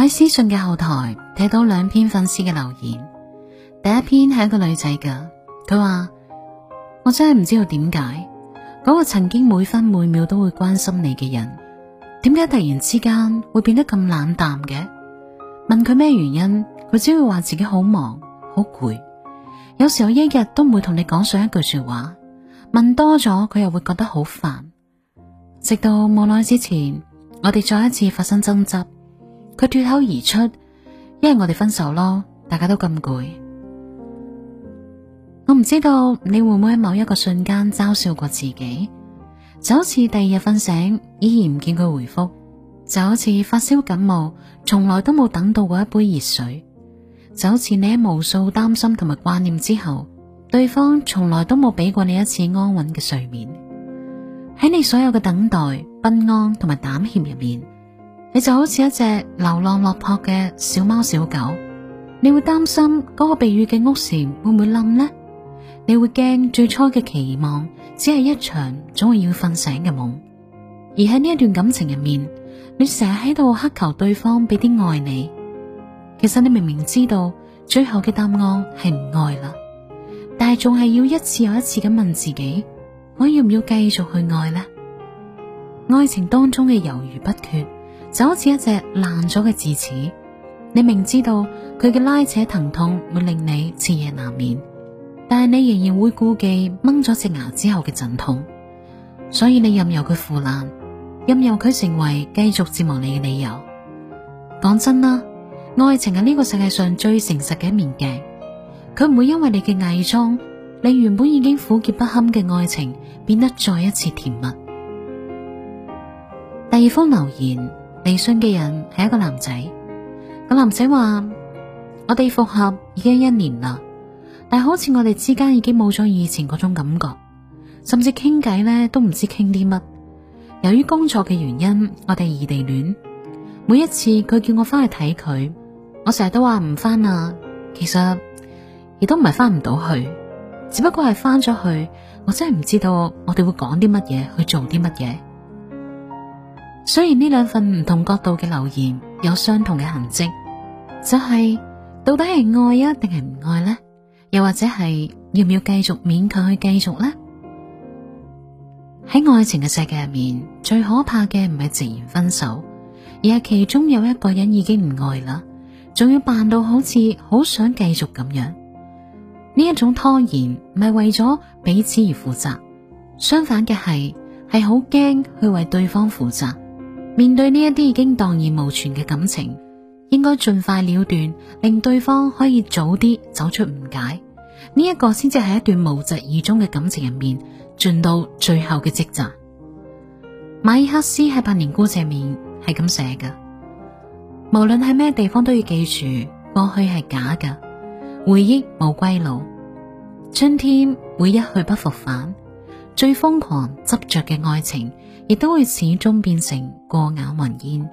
喺私信嘅後台睇到兩篇粉絲嘅留言，第一篇係一個女仔噶，佢話：我真係唔知道點解嗰個曾經每分每秒都會關心你嘅人，點解突然之間會變得咁冷淡嘅？問佢咩原因，佢只會話自己好忙、好攰，有時候一日都唔會同你講上一句說話。問多咗，佢又會覺得好煩。直到冇耐之前，我哋再一次發生爭執。佢脱口而出，因為我哋分手咯，大家都咁攰。我唔知道你會唔會喺某一個瞬間嘲笑過自己，就好似第二日瞓醒依然唔見佢回覆，就好似發燒感冒從來都冇等到過一杯熱水，就好似你喺無數擔心同埋掛念之後，對方從來都冇俾過你一次安穩嘅睡眠。喺你所有嘅等待、不安同埋膽怯入面。你就好似一隻流浪落魄嘅小貓小狗，你會擔心嗰個避雨嘅屋檐會唔會冧呢？你會驚最初嘅期望只係一場總會要瞓醒嘅夢，而喺呢一段感情入面，你成日喺度乞求對方俾啲愛你，其實你明明知道最後嘅答案係唔愛啦，但係仲係要一次又一次咁問自己，我要唔要繼續去愛呢？愛情當中嘅猶豫不決。就好似一隻爛咗嘅智齒，你明知道佢嘅拉扯疼痛，會令你徹夜難眠，但係你仍然會顧忌掹咗隻牙之後嘅陣痛，所以你任由佢腐爛，任由佢成為繼續折磨你嘅理由。講真啦，愛情係呢個世界上最誠實嘅一面鏡，佢唔會因為你嘅偽裝，令原本已經苦澀不堪嘅愛情變得再一次甜蜜。第二封留言。嚟信嘅人係一個男仔，個男仔話：我哋復合已經一年啦，但係好似我哋之間已經冇咗以前嗰種感覺，甚至傾偈咧都唔知傾啲乜。由於工作嘅原因，我哋異地戀。每一次佢叫我翻去睇佢，我成日都話唔翻啊。其實亦都唔係翻唔到去，只不過係翻咗去，我真係唔知道我哋會講啲乜嘢，去做啲乜嘢。雖然呢兩份唔同角度嘅留言有相同嘅痕迹，就係、是、到底係愛啊定係唔愛呢？又或者係要唔要繼續勉強去繼續呢？喺愛情嘅世界入面，最可怕嘅唔係直言分手，而係其中有一個人已經唔愛啦，仲要扮到好似好想繼續咁樣。呢一種拖延唔係為咗彼此而負責，相反嘅係係好驚去為對方負責。面對呢一啲已經蕩然無存嘅感情，應該盡快了斷，令對方可以早啲走出誤解。呢一個先至係一段無疾而終嘅感情入面，盡到最後嘅職責。馬爾克斯喺《百年孤寂》面係咁寫嘅：無論喺咩地方都要記住，過去係假嘅，回憶冇歸路，春天會一去不復返。最瘋狂執着嘅愛情，亦都會始終變成過眼雲煙。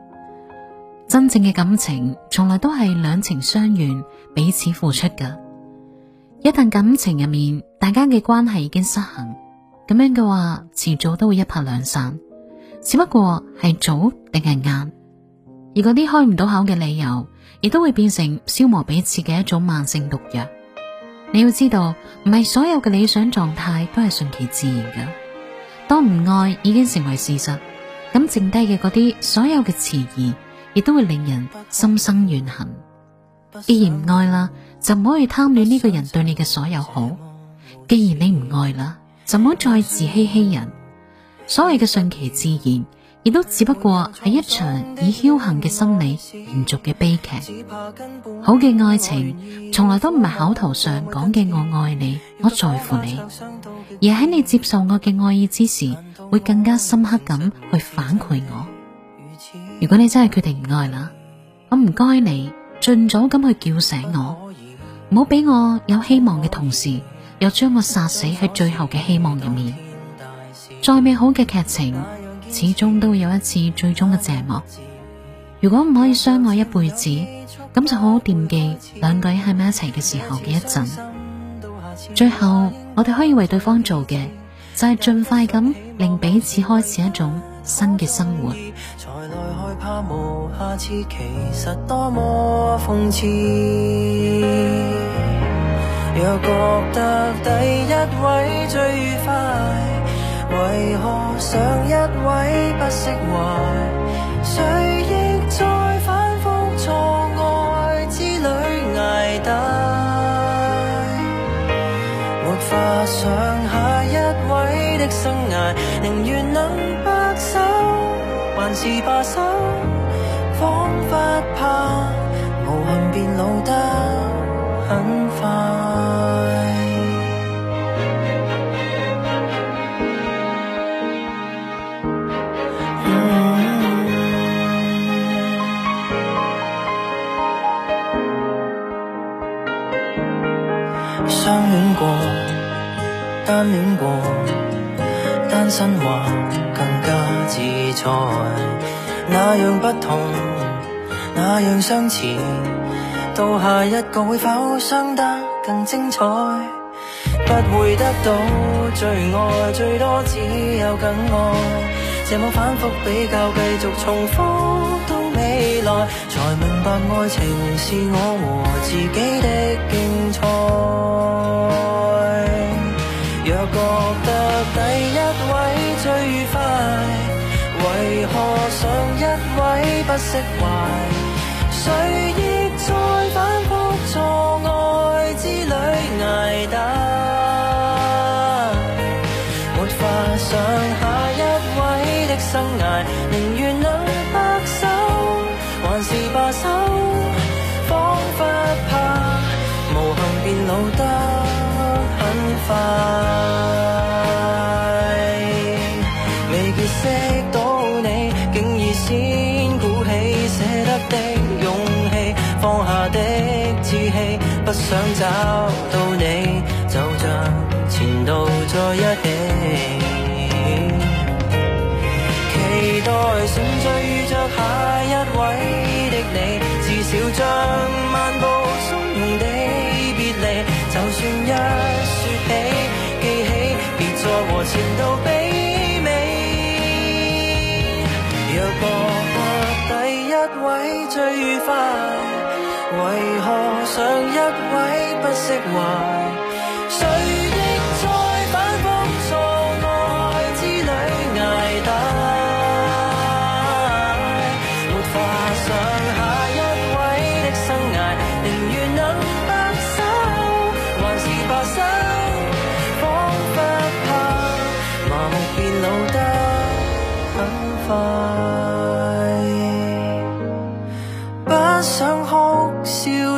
真正嘅感情，從來都係兩情相願，彼此付出嘅。一旦感情入面，大家嘅關係已經失衡，咁樣嘅話，遲早都會一拍兩散，只不過係早定係晏。而嗰啲開唔到口嘅理由，亦都會變成消磨彼此嘅一種慢性毒藥。你要知道，唔係所有嘅理想狀態都係順其自然嘅。當唔愛已經成為事實，咁剩低嘅嗰啲所有嘅遲疑，亦都會令人心生怨恨。既然唔愛啦，就唔可以貪戀呢個人對你嘅所有好。既然你唔愛啦，就唔好再自欺欺人。所謂嘅順其自然。亦都只不過係一場以僥倖嘅心理延續嘅悲劇。好嘅愛情從來都唔係口頭上講嘅我愛你，我在乎你，而喺你接受我嘅愛意之時，會更加深刻咁去反饋我。如果你真係決定唔愛啦，我唔該你盡早咁去叫醒我，唔好俾我有希望嘅同時，又將我殺死喺最後嘅希望入面。再美好嘅劇情。始終都會有一次最終嘅謝幕。如果唔可以相愛一輩子，咁就好好惦記兩個人喺埋一齊嘅時候嘅一陣。最後我哋可以為對方做嘅，就係、是、盡快咁令彼此開始一種新嘅生活。若覺得第一位最快。 為何上一位不釋懷，誰亦在反覆錯愛之旅捱打，沒法想下一位的生涯，寧願能白首還是罷手，仿佛怕。相戀過，單戀過，單身或更加自在。那樣不同，那樣相似，到下一個會否傷得更精彩？不會得到最愛，最多只有更愛，這麼反覆比較，繼續重複。嗯才明白愛情是我和自己的競賽，若覺得第一位最愉快，為何上一位不釋懷？誰亦在反覆錯愛之旅挨打，沒法想下一位的生涯，寧願。認識到你，竟已先鼓起捨得的勇氣，放下的志氣，不想找到你，就像前度在一起。期待想追著下一位的你，至少將漫步。一位最愉快，為何上一位不釋懷？